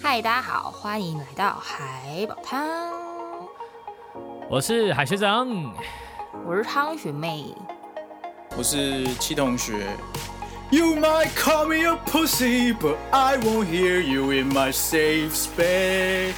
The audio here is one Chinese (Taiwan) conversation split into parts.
嗨，大家好，歡迎來到海寶湯。我是海學長，我是湯學妹，我是七同學。You might call me a pussy, but I won't hear you in my safe space.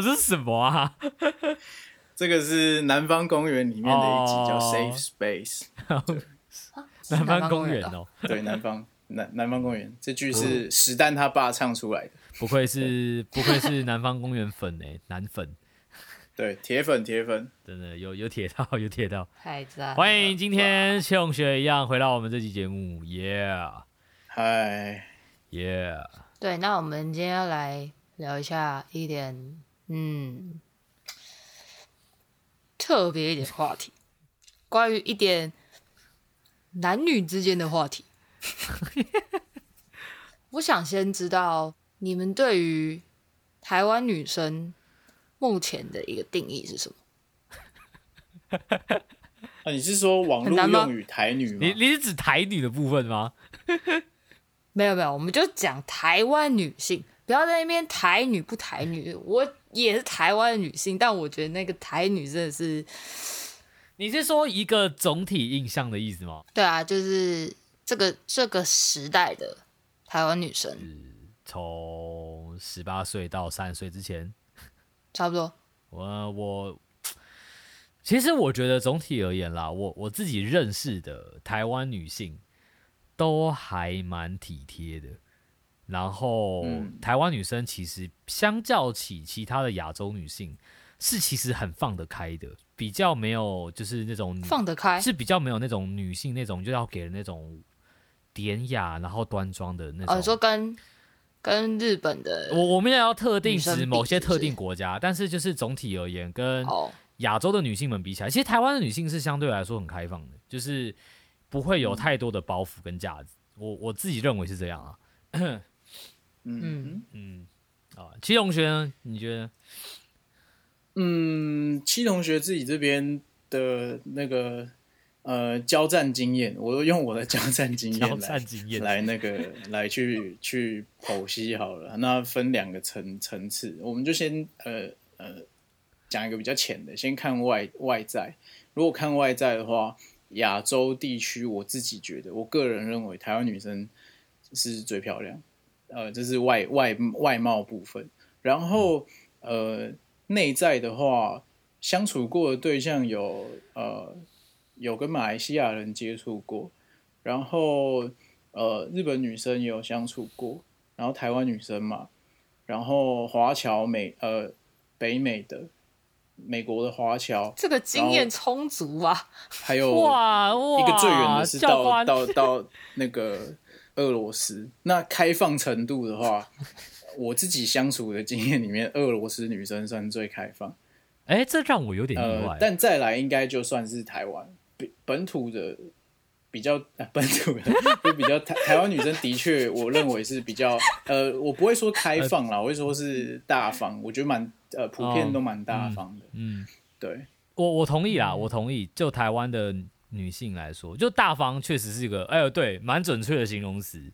這是什麼啊？ 這個是《南方公園》裡面的一集，哦、叫《Safe Space》，哦，對。啊？是南方公園喔？，對，南方，南，南方公園。這句是史丹他爸唱出來的，不愧是不愧是南方公園粉哎，男粉。對，鐵粉鐵粉，真的有有鐵到有鐵到，太讚！歡迎今天謝永雪一樣回到我們這期節目，Yeah，Hi，Yeah yeah。對，那我們今天要來聊一下一點。嗯，特別一點話題，關於一點男女之間的話題。 我想先知道你們對於台灣女生目前的一個定義是什麼？啊，你是說網路用語“台女”嗎？你你是指台女的部分嗎？ 沒有沒有，我們就講台灣女性，不要在那邊“台女”不“台女”，我。也是台灣的女性，但我覺得那個台女真的是，你是說一個總體印象的意思嗎？對啊，就是這個這個時代的台灣女生，從十八歲到三十歲之前，差不多。我我其實我覺得總體而言啦，我我自己認識的台灣女性都還蠻體貼的。然後，嗯、台灣女生其實相較起其他的亞洲女性，是其實很放得開的，比較沒有就是那種放得開，是比較沒有那種女性那種就要給人那種典雅然後端莊的那種。呃、啊，說跟跟日本的我，我我們也要特定指某些特定國家，是但是就是總體而言，跟亞洲的女性們比起來，其實台灣的女性是相對來說很開放的，就是不會有太多的包袱跟架子、嗯。我我自己認為是這樣啊。 嗯嗯啊、嗯，七同學，你覺得？嗯，七同學自己這邊的那個呃交戰經驗，我都用我的交戰經驗來 交戰經驗來那個 來去去剖析好了。那分兩個層層次，我們就先呃呃講一個比較淺的，先看外外在。如果看外在的話，亞洲地區我自己覺得，我個人認為台灣女生是最漂亮。呃，這是外外外貌部分，然後呃，內在的話，相處過的對象有呃，有跟馬來西亞人接觸過，然後呃，日本女生也有相處過，然後台灣女生嘛，然後華僑美呃，北美的美國的華僑，這個經驗充足啊，還有哇哦，一個最遠的是到到到，到那個。 俄羅斯那開放程度的話， 我自己相處的經驗裡面，俄羅斯女生算最開放。哎、欸，這讓我有點意外、呃。但再來應該就算是台灣，本本土的比較，呃、本土的 就比較台台灣女生的確，我認為是比較呃，我不會說開放啦，我會說是大方。欸、我覺得蠻呃，普遍都蠻大方的、oh, 嗯。嗯，對，我我同意啦，我同意，就台灣的。女性來說，就大方確實是一個，哎呦，對，蠻準確的形容詞，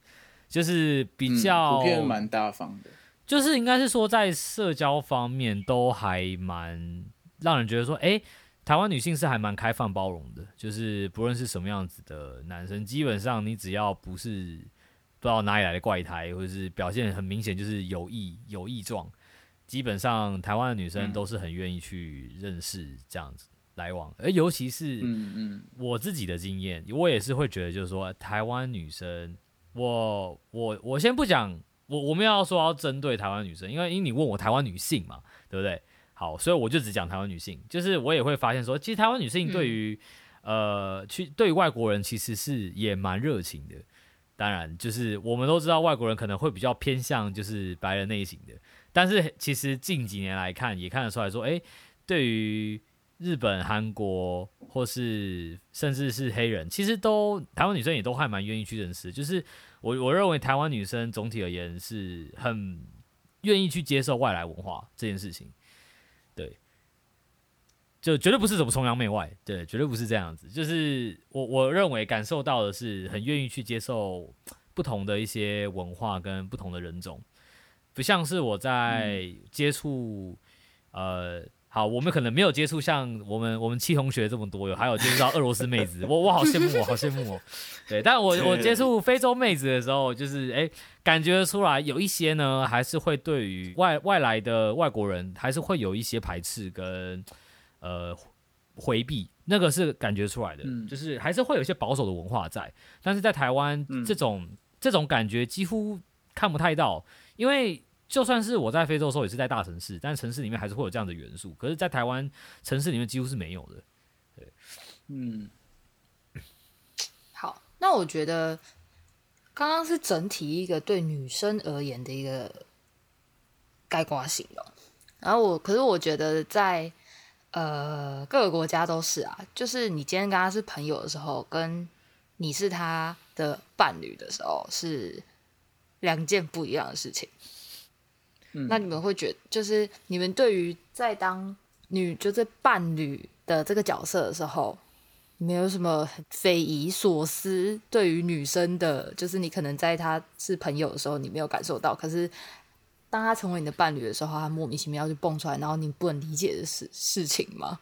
就是比較、嗯、普遍蠻大方的，就是應該是說在社交方面都還蠻讓人覺得說，哎、欸，台灣女性是還蠻開放包容的，就是不論是什麼樣子的男生，基本上你只要不是不知道哪裡來的怪胎，或者是表現很明顯就是有異、有異狀，基本上台灣的女生都是很願意去認識這樣子。嗯來往，而尤其是我自己的經驗，嗯嗯，我也是會覺得，就是說台灣女生，我我我先不講，我我們要說要針對台灣女生，因為因為你問我台灣女性嘛，對不對？好，所以我就只講台灣女性，就是我也會發現說，其實台灣女性對於、嗯、呃去對於外國人其實是也蠻熱情的，當然就是我們都知道外國人可能會比較偏向就是白人類型的，但是其實近幾年來看也看得出來說，哎，對於日本、韓國，或是甚至是黑人，其實都台灣女生也都還蠻願意去認識。就是我我認為台灣女生總體而言是很願意去接受外來文化這件事情。對，就絕對不是什麼崇洋媚外，對，絕對不是這樣子。就是我我認為感受到的是很願意去接受不同的一些文化跟不同的人種，不像是我在接觸、嗯、呃。好，我們可能沒有接觸像我們我們七同學這麼多，有還有接觸到俄羅斯妹子， 我我好羨慕，我好羨慕我。慕我 對，但我我接觸非洲妹子的時候，就是誒、欸，感覺出來有一些呢，還是會對於外外來的外國人，還是會有一些排斥跟呃回避，那個是感覺出來的、嗯，就是還是會有一些保守的文化在，但是在台灣、嗯、這種這種感覺幾乎看不太到，因為。就算是我在非洲的時候，也是在大城市，但城市裡面還是會有這樣的元素。可是，在台灣城市裡面幾乎是沒有的。對，嗯， 好，那我覺得剛剛是整體一個對女生而言的一個概括形容。然後我可是我覺得在呃各個國家都是啊，就是你今天跟他是朋友的時候，跟你是他的伴侶的時候，是兩件不一樣的事情。嗯、那你們會覺得，就是你們對於在當女，就是伴侶的這個角色的時候，沒有什麼匪夷所思？對於女生的，就是你可能在她是朋友的時候，你沒有感受到，可是當她成為你的伴侶的時候，她莫名其妙就蹦出來，然後你不能理解的事事情嗎？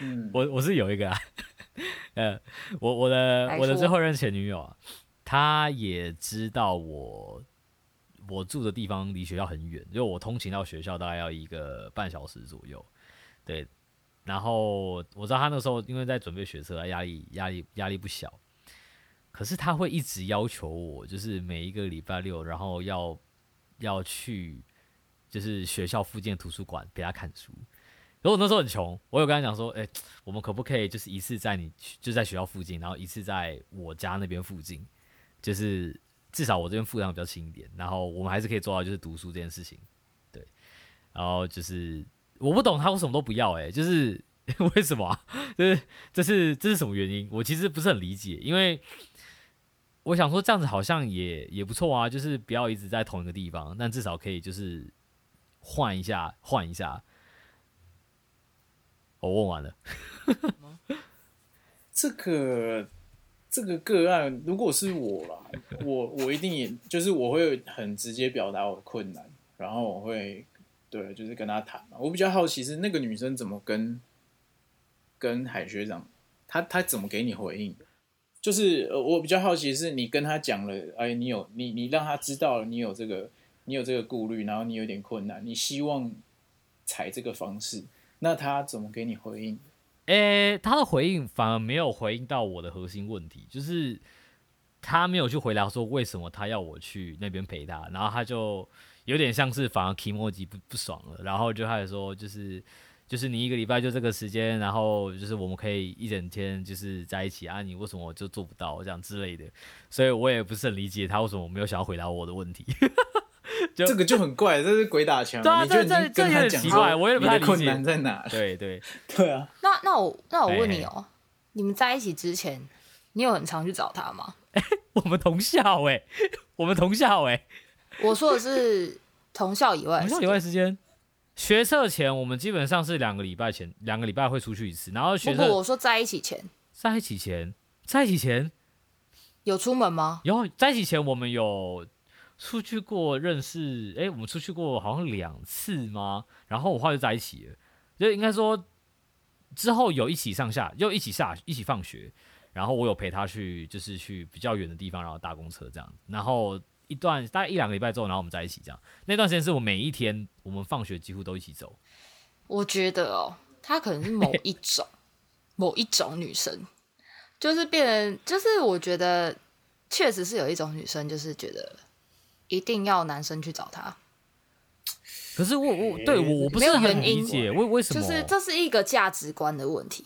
嗯、我我是有一個啊， 呃，我我的我的最後一任前女友啊，她也知道我。我住的地方離學校很遠，因為我通勤到學校大概要一個半小時左右。對，然後我知道他那時候因為在準備學車，他壓力壓力壓力不小。可是他會一直要求我，就是每一個禮拜六，然後要要去就是學校附近的圖書館給他看書。然後我那時候很窮，我有跟他講說，哎、欸，我們可不可以就是一次在你就在學校附近，然後一次在我家那邊附近，就是。至少我這邊負擔比較輕一點，然後我們還是可以做到就是讀書這件事情，對，然後就是我不懂他為什麼都不要哎、欸，就是為什麼、啊？就是這、就是這是什麼原因？我其實不是很理解，因為我想說這樣子好像也也不錯啊，就是不要一直在同一個地方，但至少可以就是換一下換一下。一下 oh, 我問完了， 這個。這個個案，如果是我啦，我我一定也就是我會很直接表達我困難，然後我會對，就是跟他談嘛。我比較好奇是那個女生怎麼跟跟海學長，他他怎麼給你回應？就是我比較好奇是你跟他講了，哎，你有你你讓他知道了你有這個你有這個顧慮，然後你有點困難，你希望採這個方式，那他怎麼給你回應？誒、欸，他的回應反而沒有回應到我的核心問題，就是他沒有去回答說為什麼他要我去那邊陪他，然後他就有點像是反而 Kimochi 不不爽了，然後就開始說就是就是你一個禮拜就這個時間，然後就是我們可以一整天就是在一起啊，你為什麼我就做不到這樣之類的？所以我也不是很理解他為什麼沒有想要回答我的問題。 這個就很怪，這是鬼打牆。對啊，你跟他這這這很奇怪，我也不太理解困難在哪。對對對啊。那那我那我問你哦、喔，你們在一起之前，你有很常去找他嗎？ 我們同校哎、欸，我們同校哎、欸。我說的是同校以外，同校以外時間，學測前我們基本上是兩個禮拜前，兩個禮拜會出去一次。然後學測我說在一起前，在一起前，在一起前有出門嗎？有，在一起前我們有。出去過認識哎、欸，我們出去過好像兩次嗎？然後我話就在一起了，就應該說之後有一起上下，又一起下一起放學。然後我有陪她去，就是去比較遠的地方，然後搭公車這樣。然後一段大概一兩個禮拜之後，然後我們在一起這樣。那段時間是我每一天，我們放學幾乎都一起走。我覺得哦，她可能是某一種 某一種女生，就是變，就是我覺得確實是有一種女生，就是覺得。一定要男生去找他，可是我我對我我不是很理解，為為什麼就是這是一個價值觀的問題。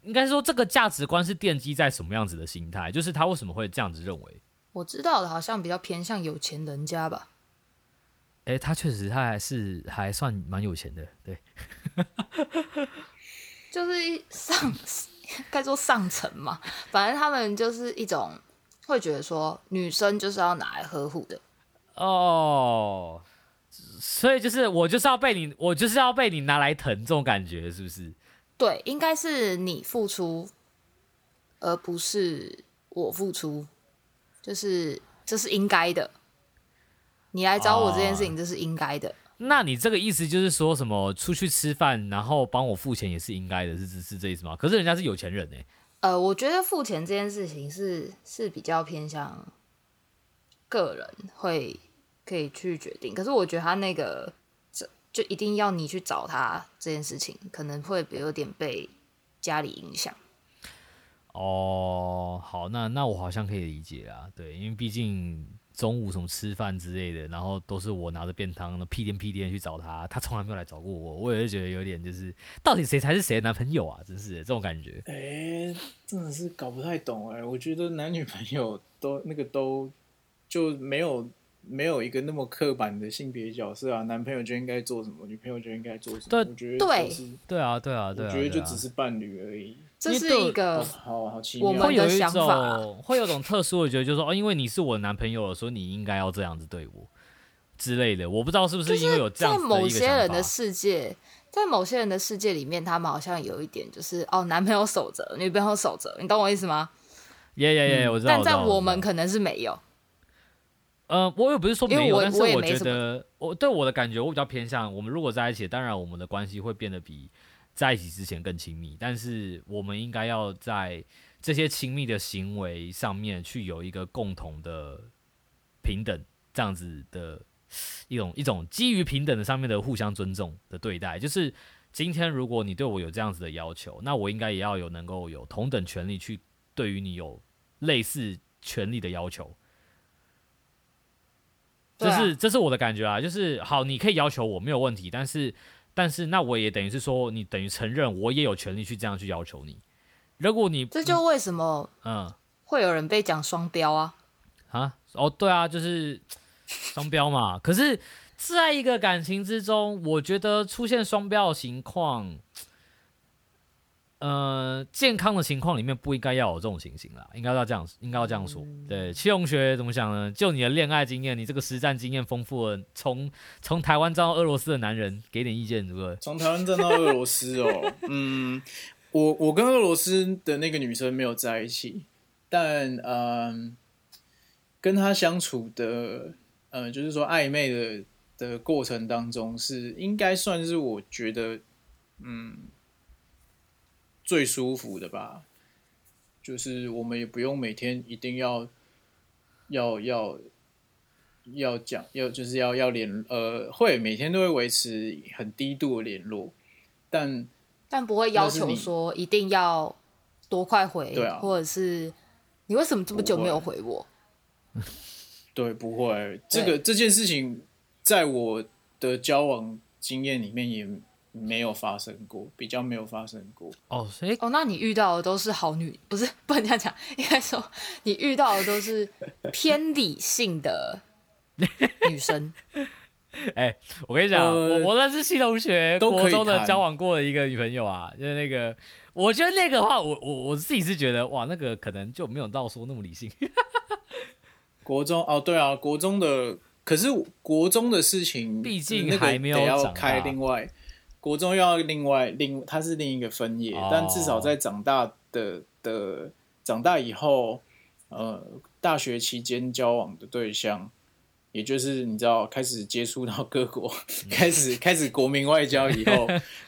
應該說這個價值觀是奠基在什麼樣子的心態，就是他為什麼會這樣子認為？我知道的好像比較偏向有錢人家吧。哎，他確實他還是還算蠻有錢的，對， 就是上該說上層嘛，反正他們就是一種會覺得說女生就是要拿來呵護的。哦、Oh，所以就是我就是要被你，我就是要被你拿來疼，這種感覺是不是？對，應該是你付出，而不是我付出，就是這是應該的。你來找我這件事情，Oh. 這是應該的。那你這個意思就是說什麼出去吃飯，然後幫我付錢也是應該的，是是這意思嗎？可是人家是有錢人呢、欸。呃，我覺得付錢這件事情是是比較偏向。個人會可以去決定，可是我覺得他那個就就一定要你去找他這件事情，可能會有點被家裡影響。哦，好，那那我好像可以理解啦，對，因為畢竟中午什麼吃飯之類的，然後都是我拿着便當，屁顛屁顛去找他，他從來沒有來找過我，我也是覺得有點就是到底誰才是誰的男朋友啊？真是這種感覺，哎、欸，真的是搞不太懂哎，我覺得男女朋友都那個都就沒有沒有一個那麼刻板的性別角色啊，男朋友就應該做什麼，女朋友就應該做什麼。對，我覺得、就是、對啊，對啊，對啊。我覺得就只是伴侶而已。這是一個好好奇妙的想法。哦、會有種 會有種特殊的，覺得就是說，哦，因為你是我的男朋友了，所以你應該要這樣子對我之類的。我不知道是不是因為有這樣的一個、就是、在某些人的世界，在某些人的世界裡面，他們好像有一點就是，哦，男朋友守則，女朋友守則，你懂我意思嗎？耶耶耶，我知道。但在我們我我可能是沒有。呃，我也不是說沒有，沒但是我覺得我對我的感覺，我比較偏向我們如果在一起，當然我們的關係會變得比在一起之前更親密，但是我們應該要在這些親密的行為上面去有一個共同的平等，這樣子的一種一種基於平等的上面的互相尊重的對待。就是今天如果你對我有這樣子的要求，那我應該也要有能夠有同等權利去對於你有類似權利的要求。啊、這是這是我的感覺啊，就是好，你可以要求我沒有問題，但是但是那我也等於是說，你等於承認我也有權利去這樣去要求你。如果你這就為什麼嗯會有人被講雙標啊、嗯、啊哦對啊，就是雙標嘛。 可是在一個感情之中，我覺得出現雙標的情況。呃，健康的情況裡面不應該要有這種情形啦，應該要這樣，應該要這樣說。嗯、對，七同學怎麼想呢？就你的戀愛經驗，你這個實戰經驗豐富的，從從台灣戰到俄羅斯的男人，給點意見對不對？從台灣戰到俄羅斯哦， 嗯，我我跟俄羅斯的那個女生沒有在一起，但呃、嗯，跟她相處的，呃、嗯，就是說曖昧的的過程當中是，是應該算是我覺得，嗯。最舒服的吧，就是我們也不用每天一定要要要要講，要，要，要，要就是要要聯，呃，會每天都會維持很低度的聯絡，但但不會要求說一定要多快回，啊，或者是你為什麼這麼久沒有回我？對，不會，這個這件事情在我的交往經驗裡面也，沒有發生過，比較沒有發生過哦，所以哦，那你遇到的都是好女，不是，不能這樣講，應該說你遇到的都是偏理性的女生。哎、 欸，我跟你講、呃，我那是新同學都可以，國中的交往過的一個女朋友啊，就是那個，我覺得那個話，我我我自己是覺得哇，那個可能就沒有到說那麼理性。 國中哦，對啊，國中的，可是國中的事情畢竟還沒有開另外。國中又要另外另，他是另一個分野，oh. 但至少在長大的的長大以後，呃，大學期間交往的對象，也就是你知道，開始接觸到各國，mm. 開始 開始國民外交以後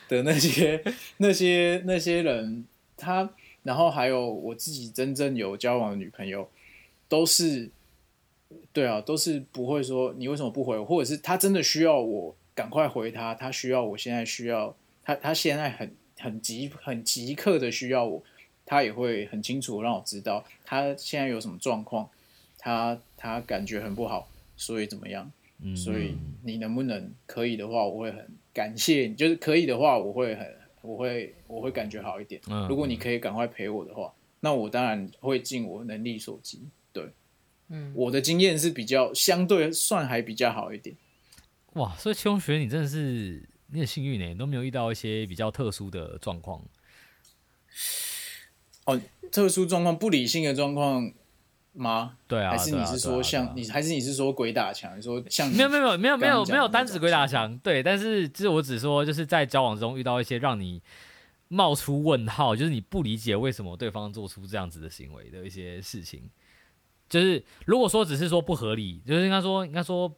的那些那些那些人，他，然後還有我自己真正有交往的女朋友，都是，對啊，都是不會說你為什麼不回我，或者是他真的需要我。趕快回他，他需要，我現在需要他，他現在很很急，很即刻的需要我，他也會很清楚讓我知道他現在有什麼狀況，他他感覺很不好，所以怎麼樣？嗯。所以你能不能，可以的話，我會很感謝你，就是可以的話我，我會很我會我會感覺好一點。嗯。如果你可以趕快陪我的話，那我當然會盡我能力所及。對，嗯，我的經驗是比較相對算還比較好一點。哇，所以七同學，你真的是你很幸運呢、欸，你都沒有遇到一些比較特殊的狀況。哦，特殊狀況，不理性的狀況嗎？對啊，還是你是說像、啊啊啊、你，還是你是說鬼打牆？你說像你沒有沒有沒有沒有沒有沒有單指鬼打牆。對，但是就是我只說就是在交往中遇到一些讓你冒出問號，就是你不理解為什麼對方做出這樣子的行為的一些事情。就是如果說只是說不合理，就是應該說應該說。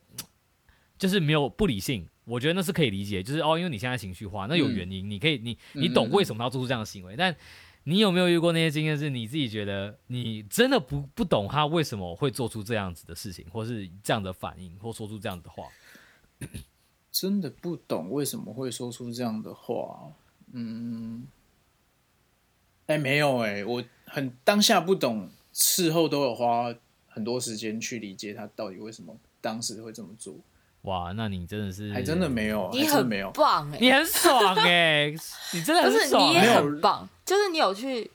就是沒有不理性，我覺得那是可以理解。就是哦，因為你現在情緒化，那有原因，嗯、你可以，你你懂為什麼他要做出這樣的行為，嗯嗯嗯。但你有沒有遇過那些經驗，是你自己覺得你真的不不懂他為什麼會做出這樣子的事情，或是這樣的反應，或說出這樣的話？真的不懂為什麼會說出這樣的話。嗯，哎、欸，沒有哎、欸，我很當下不懂，事後都有花很多時間去理解他到底為什麼當時會這麼做。哇，那你真的是還真的，還真的沒有，你很沒有，棒哎，欸，你很爽哎，欸， 你真的很爽，欸，就是，你也很棒，就是你有去，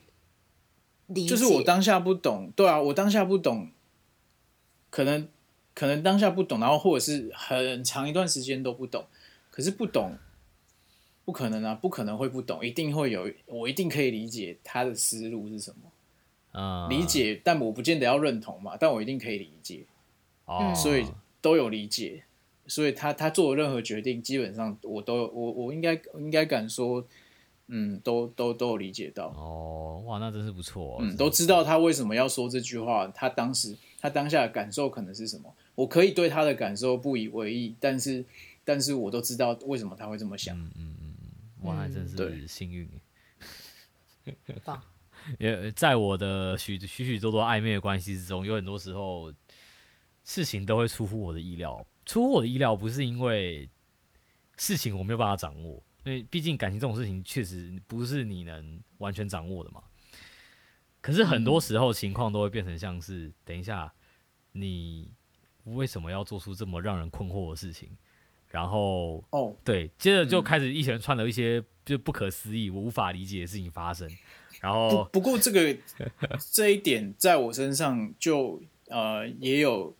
理解。就是我當下不懂，對啊，我當下不懂，可能，可能當下不懂，然後或者是很長一段時間都不懂，可是不懂，不可能啊，不可能會不懂，一定會有，我一定可以理解他的思路是什麼，嗯、理解，但我不見得要認同嘛，但我一定可以理解，哦、嗯，所以都有理解。所以他他做任何決定，基本上我都我我應該應該敢說，嗯，都都都有理解到。哦，哇，那真是不錯。嗯，都知道他為什麼要說這句話，他當時他當下的感受可能是什麼？我可以對他的感受不以為意，但是但是我都知道為什麼他會這麼想。嗯嗯嗯，哇，那真是幸運。嗯、 很棒。也 在我的許許許多多曖昧的關係之中，有很多時候事情都會出乎我的意料。出乎我的意料，不是因為事情我沒有辦法掌握，因為畢竟感情這種事情確實不是你能完全掌握的嘛。可是很多時候情況都會變成像是，等一下，你為什麼要做出這麼讓人困惑的事情？然後哦，對，接着就開始一連串的一些就不可思議、嗯、我無法理解的事情發生。然後不不過這個 這一點在我身上就呃也有。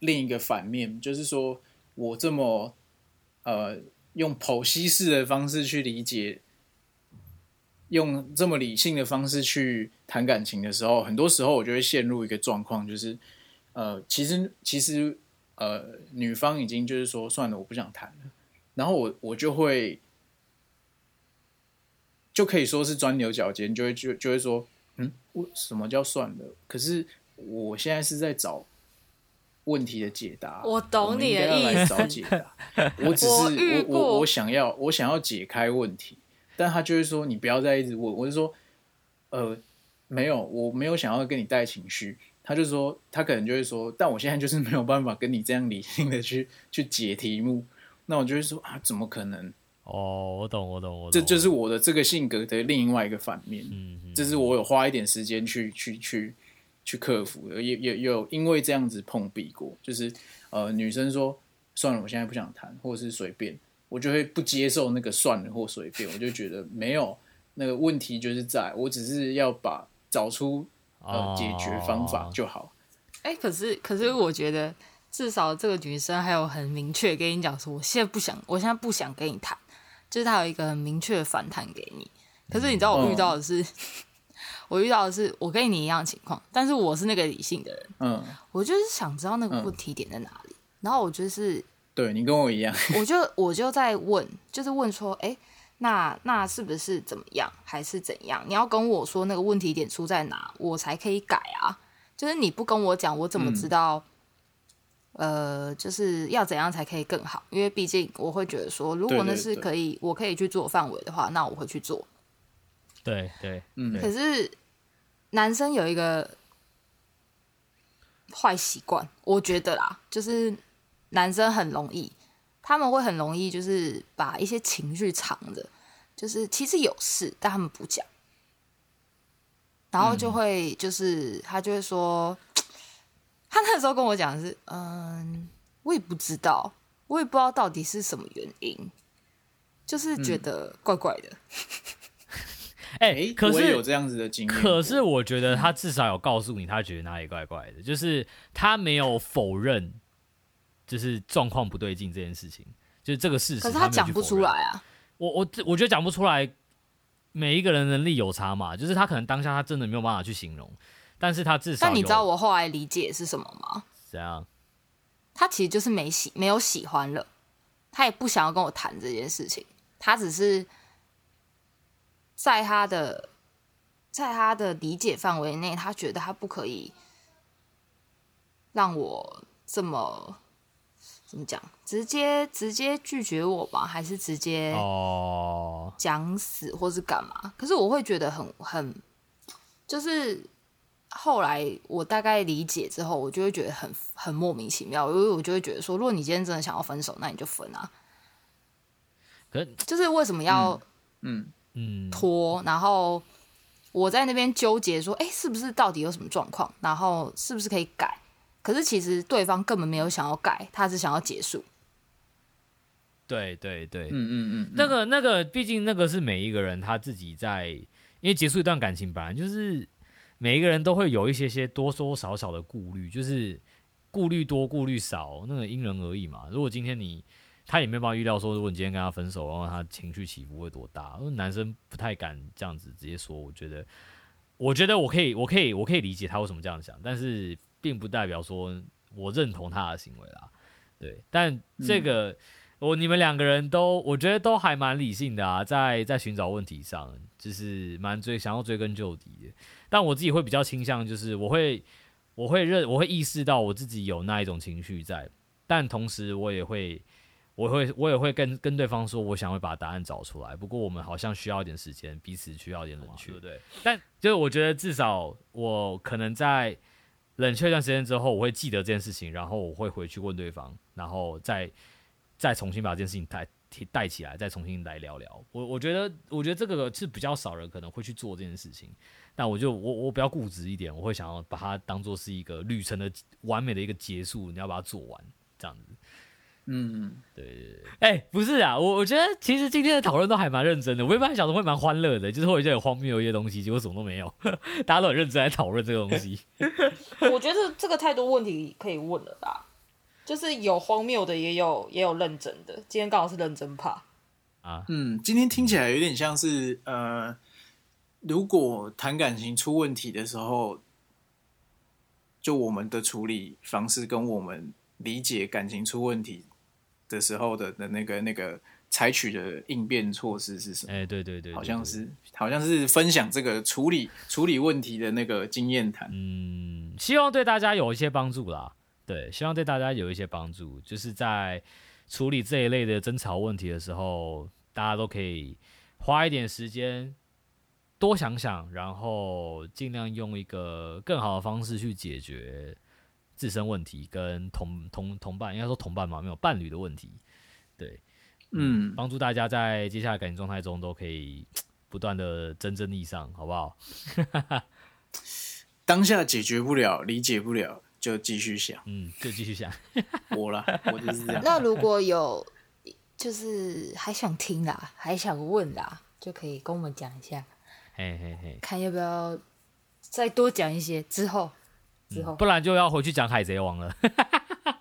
另一個反面就是說，我這麼，呃，用剖析式的方式去理解，用這麼理性的方式去談感情的時候，很多時候我就會陷入一個狀況，就是，呃，其實其實呃，女方已經就是說算了，我不想談了，然後我我就會就可以說是鑽牛角尖，就會就就會說，嗯，為什麼叫算了？可是我現在是在找。問題的解答，我懂你的意思。我， 我只是我我我，我想要我想要解開問題，但他就是說你不要再一直問，我就說，呃，沒有，我沒有想要跟你帶情緒。他就說他可能就會說，但我現在就是沒有辦法跟你這樣理性的去去解題目。那我就會說啊，怎麼可能？哦，我懂，我懂，我懂。這就是我的這個性格的另外一個反面。嗯，嗯，這，就是我有花一點時間去去去。去去去克服的，也也有，有，有因為這樣子碰壁過，就是呃，女生說算了，我現在不想談，或者是隨便，我就會不接受那個算了或隨便，我就覺得沒有那個問題，就是在我只是要把找出呃解決方法就好。Oh. 欸，可是可是我覺得至少這個女生還有很明確跟你講說，我現在不想，我現在不想跟你談，就是她有一個很明確的反彈給你。可是你知道我遇到的是。嗯。嗯我遇到的是我跟你一樣情況，但是我是那個理性的人。嗯，我就是想知道那個問題點在哪裡，嗯、然後我就是對你跟我一樣，我就我就在問，就是問說，哎、欸，那那是不是怎麼樣，還是怎樣？你要跟我說那個問題點出在哪，我才可以改啊。就是你不跟我講，我怎麼知道、嗯？呃，就是要怎樣才可以更好？因為畢竟我會覺得說，如果那是可以，對對對，我可以去做範圍的話，那我會去做。對對，嗯對。可是男生有一個壞習慣，我覺得啦，就是男生很容易，他們會很容易就是把一些情緒藏着，就是其實有事，但他們不講，然後就會就是他就會說，嗯、他那時候跟我講是，嗯、呃，我也不知道，我也不知道到底是什麼原因，就是覺得怪怪的。嗯。誒、欸欸，可是我也有這樣子的經歷，可是我覺得他至少有告訴你，他覺得哪裡怪怪的，就是他沒有否認，就是狀況不對勁這件事情，就是這個事實。可是他講不出來啊！我我我覺得講不出來，每一個人的能力有差嘛，就是他可能當下他真的沒有辦法去形容，但是他至少。但你知道我後來理解是什麼嗎？怎樣？他其實就是沒喜沒有喜歡了，他也不想要跟我談這件事情，他只是。在他的在他的理解範圍內，他覺得他不可以讓我這麼怎麼講，直接直接拒絕我吧，還是直接講死或是幹嘛？可是我會覺得很很，就是後來我大概理解之後，我就會覺得很很莫名其妙，因為我就會覺得說，如果你今天真的想要分手，那你就分啊。可是就是為什麼要嗯？嗯拖，然後我在那邊糾結說，哎、欸，是不是到底有什麼狀況？然後是不是可以改？可是其實對方根本沒有想要改，他是想要結束。對對對，嗯嗯嗯，那個那個，畢竟那個是每一個人他自己在，因為結束一段感情，本來就是每一個人都會有一些些多多少少的顧慮，就是顧慮多，顧慮少，那個因人而異嘛。如果今天你。他也沒辦法預料說，如果你今天跟他分手，然後他情緒起伏會多大？因為男生不太敢這樣子直接說。我覺得，我覺得我可以，我可以，我可以理解他為什麼這樣想，但是並不代表說我認同他的行為啦。對，但這個我你們兩個人都，我覺得都還蠻理性的啊，在在尋找問題上，就是蠻追想要追根究底的。但我自己會比較傾向，就是我會我會認，我會意識到我自己有那一種情緒在，但同時我也會。我會，我也會跟跟對方說，我想會把答案找出來。不過我們好像需要一點時間，彼此需要一點冷卻，對不對？但就是我覺得至少我可能在冷卻一段時間之後，我會記得這件事情，然後我會回去問對方，然後再再重新把這件事情帶帶起來，再重新來聊聊。我我覺得，我覺得這個是比較少人可能會去做這件事情。但我就我我比較固執一點，我會想要把它當做是一個旅程的完美的一個結束，你要把它做完這樣子。嗯，對對對，哎、欸，不是啊，我我覺得其實今天的討論都還蠻認真的，我一般想着會蠻歡樂的，就是會比較有荒謬的一些東西，結果什麼都沒有，呵呵大家都很認真在討論這個東西。 我覺得這個太多問題可以問了吧，就是有荒謬的，也有也有認真的，今天剛好是認真怕啊，嗯，今天聽起來有點像是、嗯、呃，如果談感情出問題的時候，就我們的處理方式跟我們理解感情出問題。的時候的的那個那個採取的應變措施是什麼？哎、欸，對對對，對，好像是好像是分享這個處理處理問題的那個經驗談。嗯，希望對大家有一些幫助啦。對，希望對大家有一些幫助，就是在處理這一類的爭吵問題的時候，大家都可以花一點時間多想想，然後盡量用一個更好的方式去解決。自身問題跟同同同伴，應該說同伴嘛，沒有伴侶的問題，對，嗯，嗯、幫助大家在接下來感情狀態中都可以不斷的蒸蒸日上，好不好？ 當下解決不了，理解不了，就繼續想，嗯，就繼續想。 我啦，我就是這樣。 那如果有就是還想聽啦，還想問啦，就可以跟我們講一下，嘿嘿嘿，看要不要再多講一些之後。嗯、不然就要回去講《海賊王》了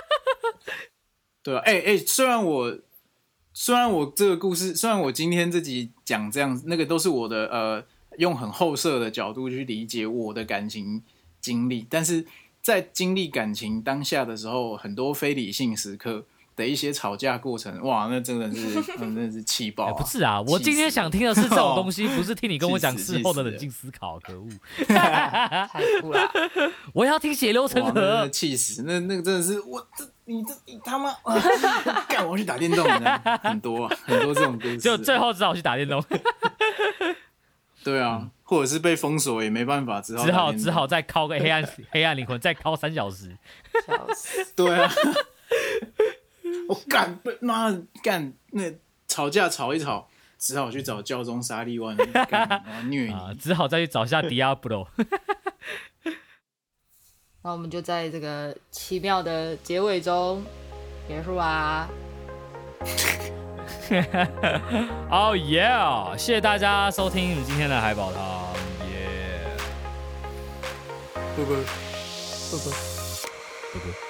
對啊，哎、欸、哎、欸，雖然我，雖然我這個故事，雖然我今天這集講這樣，那個都是我的呃，用很後設的角度去理解我的感情經歷，但是在經歷感情當下的時候，很多非理性時刻。的一些吵架過程，哇，那真的是真的是氣爆、啊！欸、不是啊，我今天想聽的是這種東西，哦、不是聽你跟我講事後的冷靜思考，可惡！ 太酷了！我要聽血流成河！氣死！那那個真的是我這你這你他媽！幹！我,、啊、 我去打電動！你很多很多這種東西就最後只好去打電動。 對啊，或者是被封鎖也沒辦法，只好只好,只好再敲個黑暗黑暗靈魂，再敲三小時,三小時對啊。 我幹，媽幹，那吵架吵一吵，只好去找教宗沙利萬，虐你、 uh。只好再去找下迪亞布羅。那我們就在這個奇妙的結尾中結束啊哦 h、oh yeah、謝謝大家收聽我們今天的海寶湯耶！不不不不不不